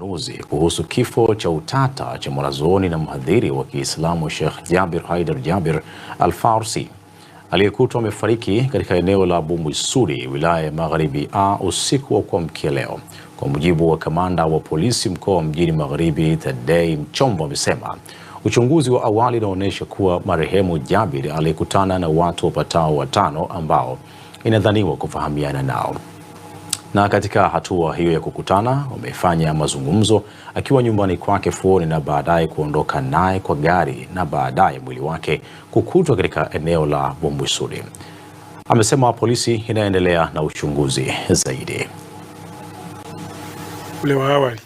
nuzi kuhusu kifo cha utata cha mwanazuoni na mhadhiri wa Kiislamu Sheikh Jabir Haider Jabir Al-Farsi aliyekutwa amefariki katika eneo la Bumbusudi wilaya ya Magharibi a usiku wa kuamkia leo. Kwa mujibu wa kamanda wa polisi mkoa wa Mjini Magharibi Tadei Mchombo amesema uchunguzi wa awali unaonyesha kuwa marehemu Jabir aliyekutana na watu wapatao watano ambao inadhaniwa kufahamiana nao na katika hatua hiyo ya kukutana wamefanya mazungumzo akiwa nyumbani kwake Fuoni na baadaye kuondoka naye kwa gari na baadaye mwili wake kukutwa katika eneo la bombwisuri Amesema polisi inaendelea na uchunguzi zaidi. Ule wa awali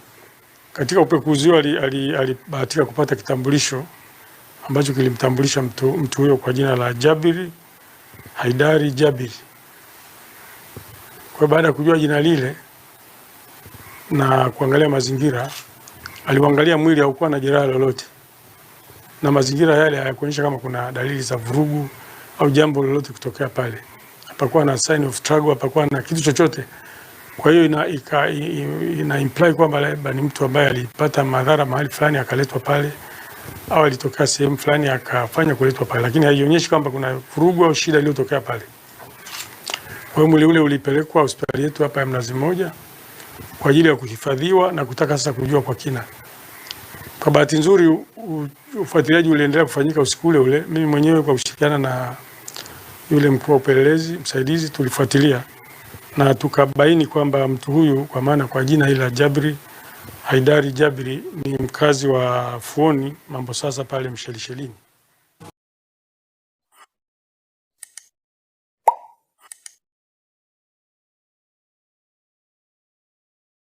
katika upekuzi alibahatika kupata kitambulisho ambacho kilimtambulisha mtu huyo kwa jina la Jabiri Haidari Jabiri kwa baada ya kujua jina lile na kuangalia mazingira, aliangalia mwili haukuwa na jeraha lolote, na mazingira yale hayakuonyesha kama kuna dalili za vurugu au jambo lolote kutokea pale. Hapakuwa na sign of struggle, hapakuwa na kitu chochote. Kwa hiyo ina, ina imply kwamba labda ni mtu ambaye alipata madhara mahali fulani akaletwa pale au alitokea sehemu fulani akafanya kuletwa pale, lakini haionyeshi kwamba kuna vurugu au shida iliyotokea pale. Kwa mwili ule ulipelekwa hospitali yetu hapa ya Mnazi Mmoja kwa ajili ya kuhifadhiwa na kutaka sasa kujua kwa kina. Kwa bahati nzuri, ufuatiliaji uliendelea kufanyika usiku ule ule. Mimi mwenyewe kwa kushirikiana na yule mkuu wa upelelezi msaidizi tulifuatilia na tukabaini kwamba mtu huyu kwa maana kwa jina hili la Jabri Haidari Jabri ni mkazi wa Fuoni Mambo sasa pale Mshelishelini.